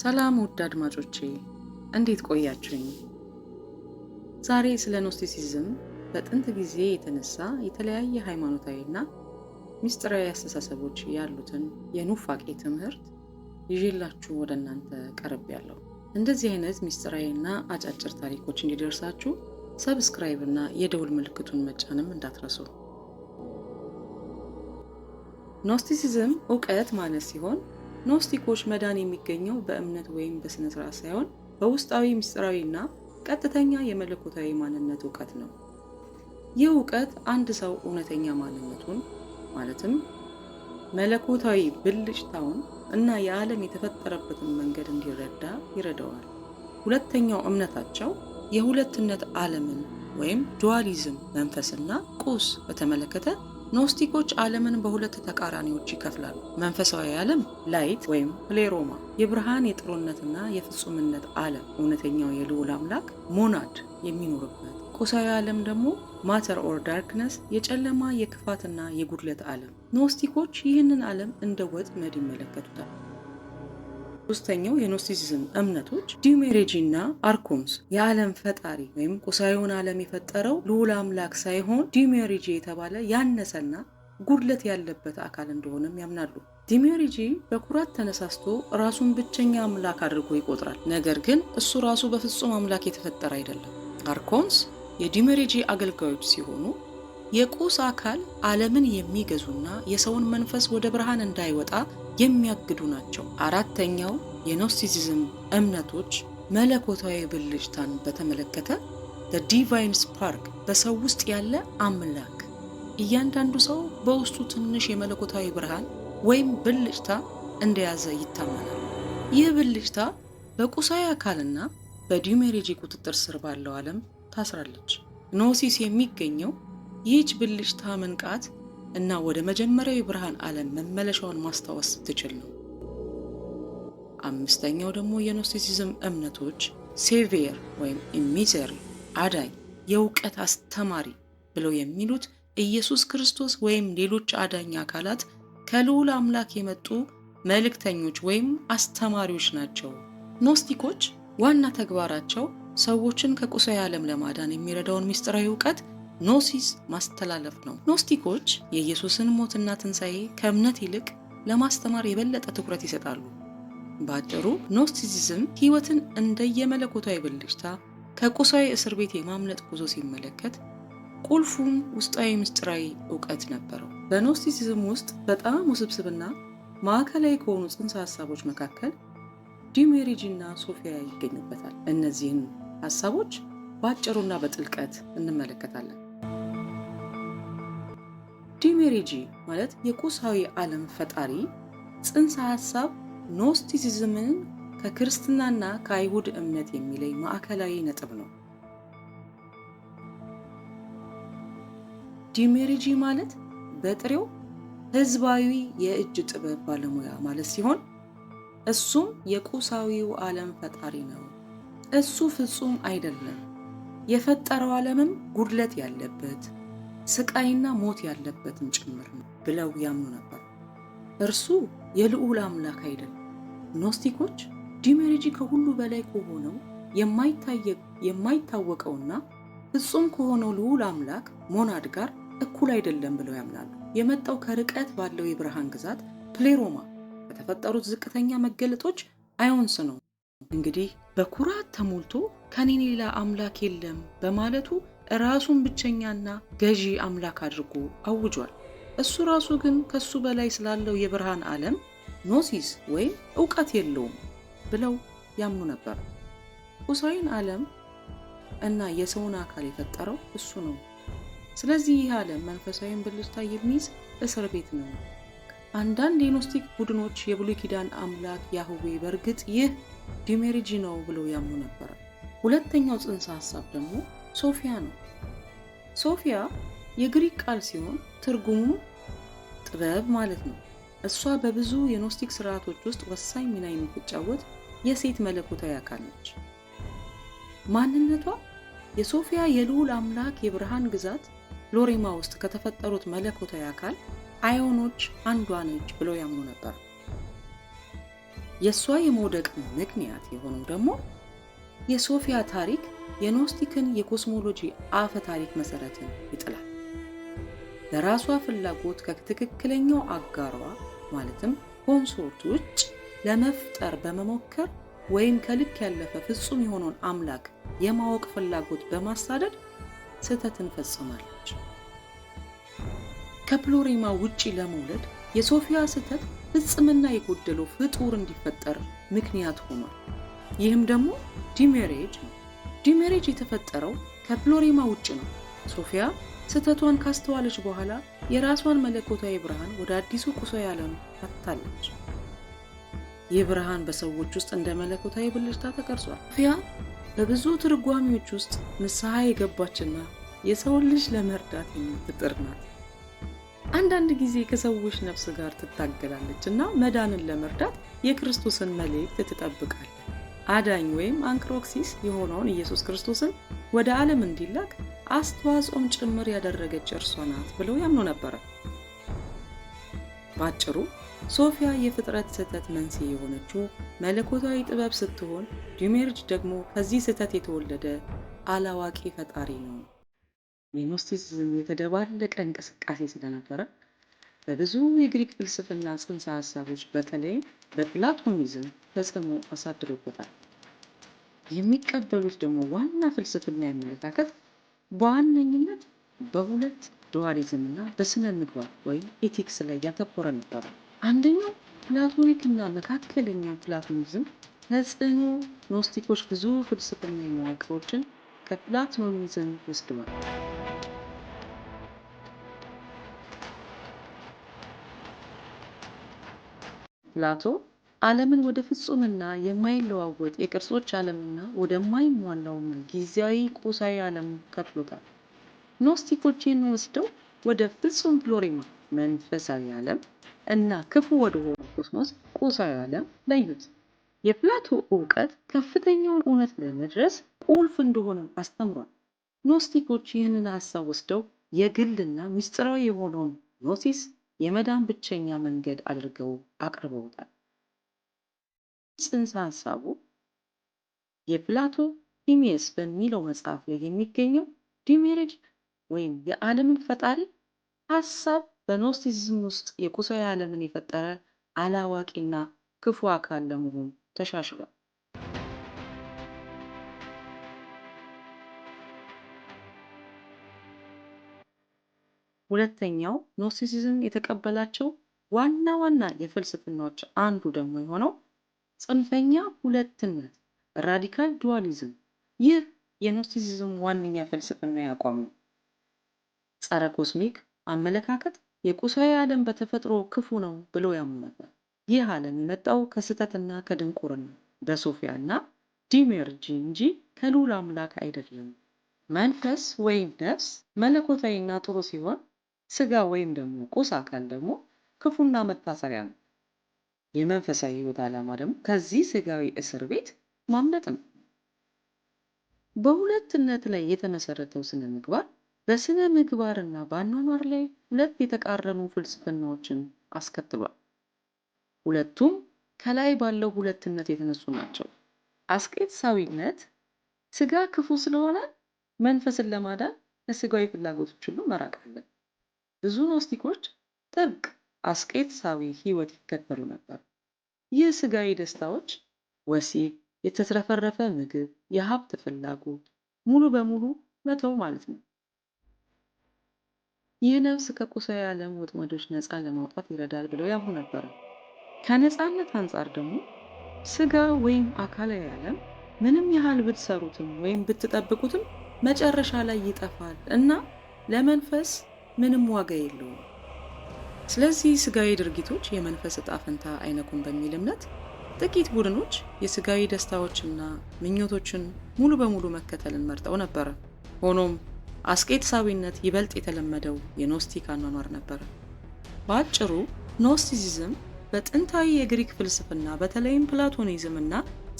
ሰላም ውድ አድማጮቼ እንዴት ቆያችሁኝ? ዛሬ ስለ ኖስቲሲዝም በጥንት ጊዜ የተነሳ የተለያየ ሃይማኖታዊና ሚስጥራዊ አስተሳሰቦች ያሉትን የኑፋቄ ትምህርት ይዤላችሁ ወደ እናንተ ቀርብ ያለው። እንደዚህ አይነት ሚስጥራዊና አጫጭር ታሪኮች እንዲደርሳችሁ ሰብስክራይብ እና የደውል ምልክቱን መጫንም እንዳትረሱ። ኖስቲሲዝም እውቀት ማለት ሲሆን ኖስቲኮች መዳን የሚገኘው በእምነት ወይም በሥነ ሥርዓት ሳይሆን በውስጣዊ ምስጢራዊና ቀጥተኛ የመለኮታዊ ማንነት እውቀት ነው። ይህ እውቀት አንድ ሰው እውነተኛ ማንነቱን ማለትም መለኮታዊ ብልጭታውን እና የዓለም የተፈጠረበትን መንገድ እንዲረዳ ይረዳዋል። ሁለተኛው እምነታቸው የሁለትነት ዓለምን ወይም ዱዋሊዝም መንፈስና ቁስ በተመለከተ ኖስቲኮች ዓለምን በሁለት ተቃራኒዎች ይከፍላሉ። መንፈሳዊ ዓለም ላይት ወይም ፕሌሮማ የብርሃን የጥሩነትና የፍጹምነት ዓለም እውነተኛው የልዑል አምላክ ሞናድ የሚኖርበት፣ ቁሳዊ ዓለም ደግሞ ማተር ኦር ዳርክነስ የጨለማ የክፋትና የጉድለት ዓለም። ኖስቲኮች ይህንን ዓለም እንደ ወጥመድ ይመለከቱታል። ሶስተኛው የኖስቲሲዝም እምነቶች ዲሜሬጂ እና አርኮንስ የዓለም ፈጣሪ ወይም ቁሳዩን ዓለም የፈጠረው ልዑል አምላክ ሳይሆን ዲሜሬጂ የተባለ ያነሰና ጉድለት ያለበት አካል እንደሆነም ያምናሉ። ዲሜሪጂ በኩራት ተነሳስቶ ራሱን ብቸኛ አምላክ አድርጎ ይቆጥራል። ነገር ግን እሱ ራሱ በፍጹም አምላክ የተፈጠረ አይደለም። አርኮንስ የዲሜሪጂ አገልጋዮች ሲሆኑ የቁስ አካል ዓለምን የሚገዙና የሰውን መንፈስ ወደ ብርሃን እንዳይወጣ የሚያግዱ ናቸው። አራተኛው የኖስቲሲዝም እምነቶች መለኮታዊ ብልጭታን በተመለከተ ዲቫይን ስፓርክ በሰው ውስጥ ያለ አምላክ እያንዳንዱ ሰው በውስጡ ትንሽ የመለኮታዊ ብርሃን ወይም ብልጭታ እንደያዘ ይታመናል። ይህ ብልጭታ በቁሳዊ አካልና በዲሜሬጂ ቁጥጥር ስር ባለው ዓለም ታስራለች። ኖሲስ የሚገኘው ይህች ብልጭታ መንቃት እና ወደ መጀመሪያው የብርሃን ዓለም መመለሻውን ማስታወስ ስትችል ነው። አምስተኛው ደግሞ የኖስቲሲዝም እምነቶች ሴቬር ወይም ኢሚዘሪ አዳኝ፣ የእውቀት አስተማሪ ብለው የሚሉት ኢየሱስ ክርስቶስ ወይም ሌሎች አዳኝ አካላት ከልዑል አምላክ የመጡ መልእክተኞች ወይም አስተማሪዎች ናቸው። ኖስቲኮች ዋና ተግባራቸው ሰዎችን ከቁሳዊ ዓለም ለማዳን የሚረዳውን ምስጢራዊ እውቀት ኖሲስ ማስተላለፍ ነው። ኖስቲኮች የኢየሱስን ሞትና ትንሣኤ ከእምነት ይልቅ ለማስተማር የበለጠ ትኩረት ይሰጣሉ። በአጭሩ ኖስቲሲዝም ሕይወትን እንደየመለኮታዊ ብልጭታ ከቁሳዊ እስር ቤት የማምለጥ ጉዞ ሲመለከት ቁልፉም ውስጣዊ ምስጢራዊ እውቀት ነበረው። በኖስቲሲዝም ውስጥ በጣም ውስብስብና ማዕከላዊ ከሆኑ ጽንሰ ሀሳቦች መካከል ዲሜሪጅ እና ሶፊያ ይገኙበታል። እነዚህን ሀሳቦች በአጭሩና በጥልቀት እንመለከታለን። ሜሪጂ ማለት የቁሳዊ ዓለም ፈጣሪ ጽንሰ ሐሳብ ኖስቲሲዝምን ከክርስትናና ከአይሁድ እምነት የሚለይ ማዕከላዊ ነጥብ ነው። ዲሜሪጂ ማለት በጥሬው ህዝባዊ የእጅ ጥበብ ባለሙያ ማለት ሲሆን እሱም የቁሳዊው ዓለም ፈጣሪ ነው። እሱ ፍጹም አይደለም፣ የፈጠረው ዓለምም ጉድለት ያለበት ስቃይና ሞት ያለበትም ጭምር ነው ብለው ያምኑ ነበር። እርሱ የልዑል አምላክ አይደለም። ኖስቲኮች ዲሜሪጂ ከሁሉ በላይ ከሆነው የማይታወቀውና ፍጹም ከሆነው ልዑል አምላክ ሞናድ ጋር እኩል አይደለም ብለው ያምናሉ። የመጣው ከርቀት ባለው የብርሃን ግዛት ፕሌሮማ በተፈጠሩት ዝቅተኛ መገለጦች አዮንስ ነው። እንግዲህ በኩራት ተሞልቶ ከኔ ሌላ አምላክ የለም በማለቱ ራሱን ብቸኛና ገዢ አምላክ አድርጎ አውጇል። እሱ ራሱ ግን ከሱ በላይ ስላለው የብርሃን ዓለም ኖሲስ ወይም እውቀት የለውም ብለው ያምኑ ነበር። ቁሳዊን ዓለም እና የሰውን አካል የፈጠረው እሱ ነው። ስለዚህ ይህ ዓለም መንፈሳዊን ብልጭታ የሚይዝ እስር ቤት ነው። አንዳንድ የኖስቲክ ቡድኖች የብሉይ ኪዳን አምላክ ያህዌ በእርግጥ ይህ ዲሜሪጂ ነው ብለው ያምኑ ነበር። ሁለተኛው ጽንሰ ሀሳብ ደግሞ ሶፊያ ነው። ሶፊያ የግሪክ ቃል ሲሆን ትርጉሙ ጥበብ ማለት ነው። እሷ በብዙ የኖስቲክ ስርዓቶች ውስጥ ወሳኝ ሚና የምትጫወት የሴት መለኮታዊ አካል ነች። ማንነቷ የሶፊያ የልዑል አምላክ የብርሃን ግዛት ሎሬማ ውስጥ ከተፈጠሩት መለኮታዊ አካል አዮኖች አንዷ ነች ብለው ያምኑ ነበር። የእሷ የመውደቅ ምክንያት የሆነው ደግሞ የሶፊያ ታሪክ የኖስቲክን የኮስሞሎጂ አፈ ታሪክ መሰረትን ይጥላል። ለራሷ ፍላጎት ከትክክለኛው አጋሯ ማለትም ኮንሶርት ውጭ ለመፍጠር በመሞከር ወይም ከልክ ያለፈ ፍጹም የሆነውን አምላክ የማወቅ ፍላጎት በማሳደድ ስህተትን ፈጽማለች። ከፕሎሪማ ውጪ ለመውለድ የሶፊያ ስህተት ፍጽምና የጎደለው ፍጡር እንዲፈጠር ምክንያት ሆኗል። ይህም ደግሞ ዲሜሬጅ ነው። ዲሜሬጅ የተፈጠረው ከፍሎሪማ ውጭ ነው። ሶፊያ ስህተቷን ካስተዋለች በኋላ የራሷን መለኮታዊ ብርሃን ወደ አዲሱ ቁሳዊ ዓለም አታለች። ይህ ብርሃን በሰዎች ውስጥ እንደ መለኮታዊ ብልጭታ ተቀርጿል። ሶፊያ በብዙ ትርጓሚዎች ውስጥ ንስሐ የገባችና የሰውን ልጅ ለመርዳት የምትጥር ናት። አንዳንድ ጊዜ ከሰዎች ነፍስ ጋር ትታገላለች እና መዳንን ለመርዳት የክርስቶስን መልእክት ትጠብቃል። አዳኝ ወይም አንክሮክሲስ የሆነውን ኢየሱስ ክርስቶስን ወደ ዓለም እንዲላክ አስተዋጽኦም ጭምር ያደረገች እርሷ ናት ብለው ያምኑ ነበረ። ባጭሩ ሶፊያ የፍጥረት ስህተት መንስኤ የሆነችው መለኮታዊ ጥበብ ስትሆን ዲሜርጅ ደግሞ ከዚህ ስህተት የተወለደ አላዋቂ ፈጣሪ ነው። የኖስቲሲዝም የተደባለቀ እንቅስቃሴ ስለነበረ በብዙ የግሪክ ፍልስፍና ጽንሰ ሀሳቦች በተለይ በፕላቶኒዝም ተጽዕኖ አሳድሮበታል። የሚቀበሉት ደግሞ ዋና ፍልስፍና አመለካከት በዋነኝነት በሁለት ዱዋሊዝምና በስነ ምግባር ወይም ኤቲክስ ላይ ያተኮረ ነበር። አንደኛው ፕላቶኒክና መካከለኛ ፕላቶኒዝም ተጽዕኖ ኖስቲኮች ብዙ ፍልስፍና መዋቅሮችን ከፕላቶኒዝም ወስደዋል። ፕላቶ ዓለምን ወደ ፍጹምና የማይለዋወጥ የቅርሶች ዓለምና ወደማይሟላው ጊዜያዊ ቁሳዊ ዓለም ከፍሎታል። ኖስቲኮች ይህን ወስደው ወደ ፍጹም ፍሎሪማ መንፈሳዊ ዓለም እና ክፉ ወደ ሆነ ኮስሞስ ቁሳዊ ዓለም ለዩት። የፕላቶ እውቀት ከፍተኛውን እውነት ለመድረስ ቁልፍ እንደሆነ አስተምሯል። ኖስቲኮች ይህንን ሀሳብ ወስደው የግልና ምስጢራዊ የሆነውን ኖሲስ የመዳን ብቸኛ መንገድ አድርገው አቅርበውታል። ጽንሰ ሀሳቡ የፕላቶ ዲሜስ በሚለው መጽሐፍ ላይ የሚገኘው ዲሜሪጅ ወይም የዓለምን ፈጣሪ ሀሳብ በኖስቲሲዝም ውስጥ የቁሳዊ ዓለምን የፈጠረ አላዋቂና ክፉ አካል ለመሆኑ ተሻሽሏል። ሁለተኛው ኖስቲሲዝም የተቀበላቸው ዋና ዋና የፍልስፍናዎች አንዱ ደግሞ የሆነው ጽንፈኛ ሁለትነት ራዲካል ዱዋሊዝም ይህ የኖስቲሲዝም ዋነኛ ፍልስፍና ያቋም ነው። ጸረ ኮስሚክ አመለካከት የቁሳዊ ዓለም በተፈጥሮ ክፉ ነው ብሎ ያምናል። ይህ ዓለም የመጣው ከስህተትና ከድንቁርና በሶፊያ እና ዲሜርጂ እንጂ ከልዑል አምላክ አይደለም። መንፈስ ወይም ነፍስ መለኮታዊና ጥሩ ሲሆን ስጋ ወይም ደግሞ ቁስ አካል ደግሞ ክፉና መታሰሪያ ነው። የመንፈሳዊ ህይወት ዓላማ ደግሞ ከዚህ ስጋዊ እስር ቤት ማምለጥ ነው። በሁለትነት ላይ የተመሰረተው ስነ ምግባር በስነ ምግባርና በአኗኗር ላይ ሁለት የተቃረኑ ፍልስፍናዎችን አስከትሏል። ሁለቱም ከላይ ባለው ሁለትነት የተነሱ ናቸው። አስቄጥሳዊነት ስጋ ክፉ ስለሆነ መንፈስን ለማዳን ለሥጋዊ ፍላጎቶች ሁሉ መራቅ አለን። ብዙ ኖስቲኮች ጥብቅ ሳዊ ሕይወት ይከተሉ ነበር። ይህ ሥጋዊ ደስታዎች ወሲብ፣ የተትረፈረፈ ምግብ፣ የሀብት ፍላጎት ሙሉ በሙሉ መተው ማለት ነው። ይህ ነፍስ ከቁሳዊ ዓለም ወጥመዶች ነፃ ለማውጣት ይረዳል ብለው ያምኑ ነበር። ከነፃነት አንጻር ደግሞ ስጋ ወይም አካላዊ ዓለም ምንም ያህል ብትሰሩትም ወይም ብትጠብቁትም መጨረሻ ላይ ይጠፋል እና ለመንፈስ ምንም ዋጋ የለውም። ስለዚህ ስጋዊ ድርጊቶች የመንፈስ እጣ ፈንታ አይነኩም በሚል እምነት ጥቂት ቡድኖች የስጋዊ ደስታዎችና ምኞቶችን ሙሉ በሙሉ መከተልን መርጠው ነበረ። ሆኖም አስቄጥሳዊነት ይበልጥ የተለመደው የኖስቲክ አኗኗር ነበረ። በአጭሩ ኖስቲሲዝም በጥንታዊ የግሪክ ፍልስፍና በተለይም ፕላቶኒዝም እና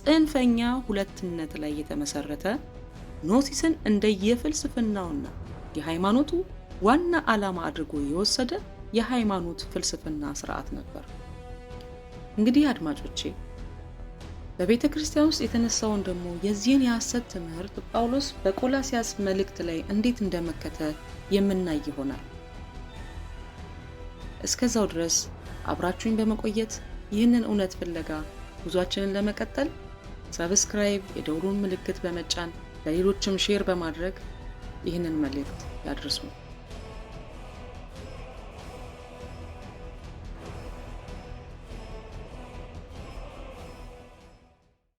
ጽንፈኛ ሁለትነት ላይ የተመሰረተ ኖሲስን እንደየፍልስፍናውና የሃይማኖቱ ዋና ዓላማ አድርጎ የወሰደ የሃይማኖት ፍልስፍና ስርዓት ነበር። እንግዲህ አድማጮቼ በቤተ ክርስቲያን ውስጥ የተነሳውን ደግሞ የዚህን የሐሰት ትምህርት ጳውሎስ በቆላሲያስ መልእክት ላይ እንዴት እንደመከተ የምናይ ይሆናል። እስከዛው ድረስ አብራችሁኝ በመቆየት ይህንን እውነት ፍለጋ ጉዟችንን ለመቀጠል ሰብስክራይብ፣ የደውሉን ምልክት በመጫን ለሌሎችም ሼር በማድረግ ይህንን መልእክት ያድርሱ።